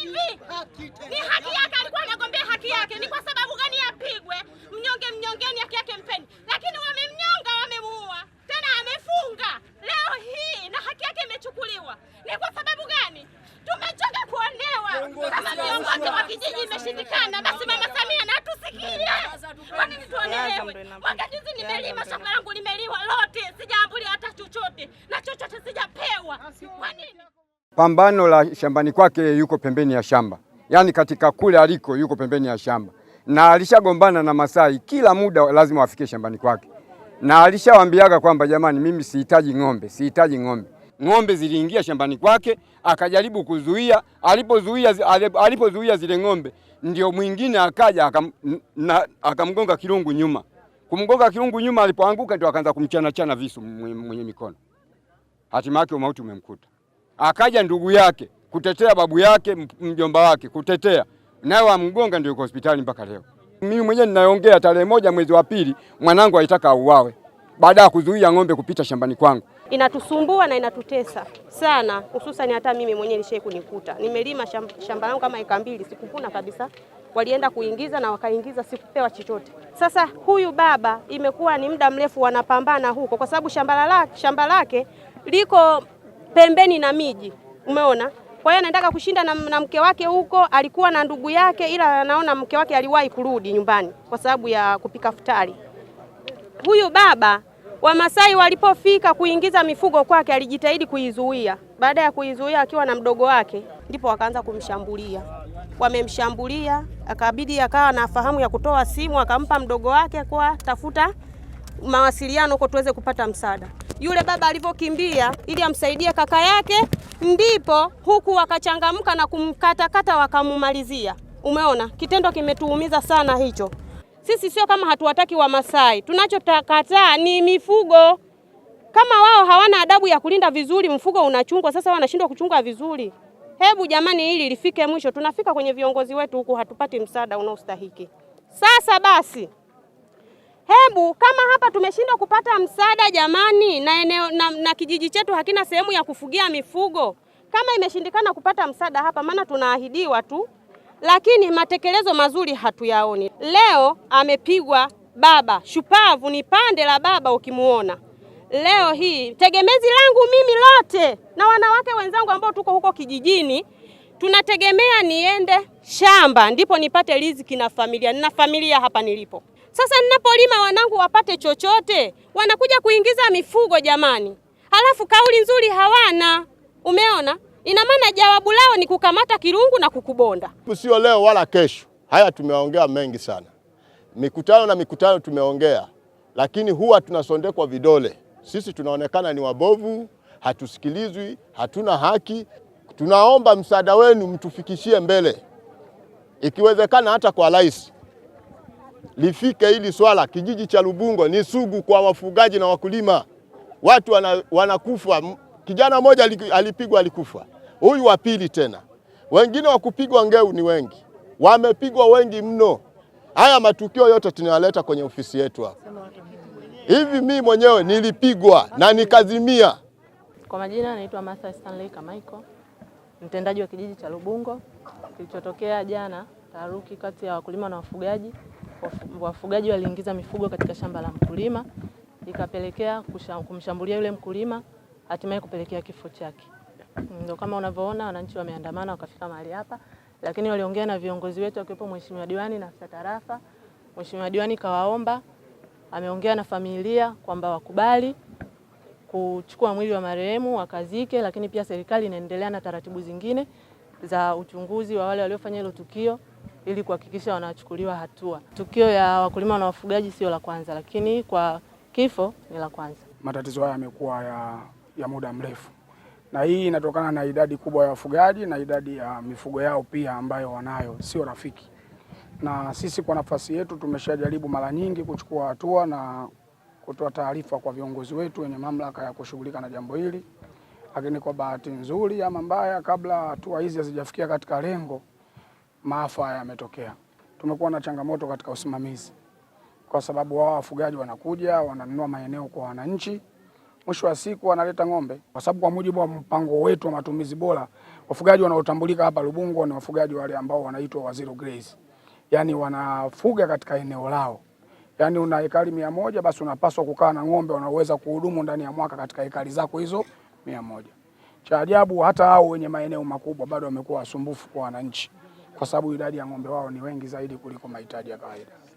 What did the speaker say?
hivi ni haki yake, alikuwa anagombea haki yake. Ni kwa sababu gani apigwe? Mnyonge mnyongeni, haki yake mpeni. Lakini wamemnyonga, wamemuua, tena amefunga. Leo hii na haki yake imechukuliwa, ni kwa sababu gani? Tumechoka kuonewa. Kama viongozi wa kijiji imeshindikana, basi Mama Samia na atusikie, kwani tuonelewe. Mwaka juzi nimelima, shamba langu limeliwa lote, sijaambulia hata chochote na chochote sijapewa. Kwa nini? pambano la shambani kwake, yuko pembeni ya shamba, yaani katika kule aliko yuko pembeni ya shamba, na alishagombana na Masai kila muda lazima afike shambani kwake, na alishawambiaga kwamba jamani, mimi sihitaji ng'ombe, sihitaji ng'ombe. Ng'ombe ziliingia shambani kwake, akajaribu kuzuia. Alipozuia, alipozuia zile ng'ombe, ndio mwingine akaja akam, na, akamgonga kirungu nyuma. Kumgonga kirungu nyuma, alipoanguka ndio akaanza kumchana chana visu mwenye mikono, hatimaye umauti umemkuta akaja ndugu yake kutetea babu yake mjomba wake kutetea naye wamgonga, ndio yuko hospitali mpaka leo. Mimi mwenyewe ninaongea, tarehe moja mwezi wa pili mwanangu alitaka auawe baada ya kuzuia ng'ombe kupita shambani kwangu. Inatusumbua na inatutesa sana, hususani hata mimi mwenyewe nishai kunikuta, nimelima shamba langu kama eka mbili, sikuvuna kabisa. Walienda kuingiza na wakaingiza, sikupewa chochote. Sasa huyu baba imekuwa ni muda mrefu wanapambana huko, kwa sababu shamba lake liko pembeni na miji, umeona. Kwa hiyo anataka kushinda na, na mke wake huko, alikuwa na ndugu yake, ila anaona mke wake aliwahi kurudi nyumbani kwa sababu ya kupika futari. Huyu baba Wamasai walipofika kuingiza mifugo kwake, alijitahidi kuizuia. Baada ya kuizuia akiwa na mdogo wake, ndipo wakaanza kumshambulia. Wamemshambulia, akabidi akawa na fahamu ya kutoa simu, akampa mdogo wake kwa tafuta mawasiliano huko tuweze kupata msaada yule baba alivyokimbia ili amsaidie kaka yake, ndipo huku wakachangamka na kumkatakata wakamumalizia. Umeona, kitendo kimetuumiza sana hicho. Sisi sio kama hatuwataki Wamasai, tunachotakataa ni mifugo. Kama wao hawana adabu ya kulinda vizuri, mfugo unachungwa, sasa wanashindwa kuchunga vizuri. Hebu jamani, hili lifike mwisho. Tunafika kwenye viongozi wetu huku hatupati msaada unaostahiki. Sasa basi Hebu kama hapa tumeshindwa kupata msaada jamani, na eneo na, na kijiji chetu hakina sehemu ya kufugia mifugo, kama imeshindikana kupata msaada hapa, maana tunaahidiwa tu, lakini matekelezo mazuri hatuyaoni. Leo amepigwa baba shupavu, ni pande la baba ukimuona leo hii. Tegemezi langu mimi lote na wanawake wenzangu ambao tuko huko kijijini tunategemea niende shamba ndipo nipate riziki na familia. Nina familia hapa nilipo sasa, ninapolima wanangu wapate chochote, wanakuja kuingiza mifugo jamani, halafu kauli nzuri hawana. Umeona, ina maana jawabu lao ni kukamata kirungu na kukubonda. Sio leo wala kesho, haya tumeongea mengi sana, mikutano na mikutano tumeongea, lakini huwa tunasondekwa vidole. Sisi tunaonekana ni wabovu, hatusikilizwi, hatuna haki tunaomba msaada wenu mtufikishie mbele, ikiwezekana hata kwa rais. Lifike hili swala. Kijiji cha Lubungo ni sugu kwa wafugaji na wakulima, watu wana, wanakufa. Kijana mmoja alipigwa alikufa, huyu wa pili tena, wengine wa kupigwa ngeu ni wengi, wamepigwa wengi mno. Haya matukio yote tunayaleta kwenye ofisi yetu hapa. Hivi mimi mwenyewe nilipigwa na nikazimia. Kwa majina naitwa Martha Stanley Kamaiko mtendaji wa kijiji cha Lubungo kilichotokea jana, taharuki kati ya wakulima na wafugaji. Wafugaji waliingiza mifugo katika shamba la mkulima, ikapelekea kumshambulia yule mkulima, hatimaye kupelekea kifo chake. Ndio kama unavyoona wananchi wameandamana wakafika mahali hapa, lakini waliongea na viongozi wetu akiwepo mheshimiwa diwani na afisa tarafa. Mheshimiwa diwani kawaomba, ameongea na familia kwamba wakubali kuchukua mwili wa marehemu wakazike, lakini pia serikali inaendelea na taratibu zingine za uchunguzi wa wale waliofanya hilo tukio ili kuhakikisha wanachukuliwa hatua. Tukio ya wakulima na wafugaji sio la kwanza, lakini kwa kifo ni la kwanza. Matatizo haya yamekuwa ya, ya muda mrefu, na hii inatokana na idadi kubwa ya wafugaji na idadi ya mifugo yao pia ambayo wanayo sio rafiki, na sisi kwa nafasi yetu tumeshajaribu mara nyingi kuchukua hatua na kutoa taarifa kwa viongozi wetu wenye mamlaka ya kushughulika na jambo hili, lakini kwa bahati nzuri ama mbaya, kabla hatua hizi hazijafikia katika lengo, maafa haya yametokea. Tumekuwa na changamoto katika usimamizi, kwa sababu wao wafugaji wanakuja wananunua maeneo kwa wananchi, mwisho wa siku wanaleta ng'ombe, kwa sababu kwa mujibu wa mpango wetu wa matumizi bora, wafugaji wanaotambulika hapa Lubungo ni wafugaji wale ambao wanaitwa wa zero yani wanafuga katika eneo lao yaani una hekari mia moja basi unapaswa kukaa na ng'ombe wanaoweza kuhudumu ndani ya mwaka katika hekari zako hizo mia moja. Cha ajabu hata hao wenye maeneo makubwa bado wamekuwa wasumbufu kwa wananchi, kwa sababu idadi ya ng'ombe wao ni wengi zaidi kuliko mahitaji ya kawaida.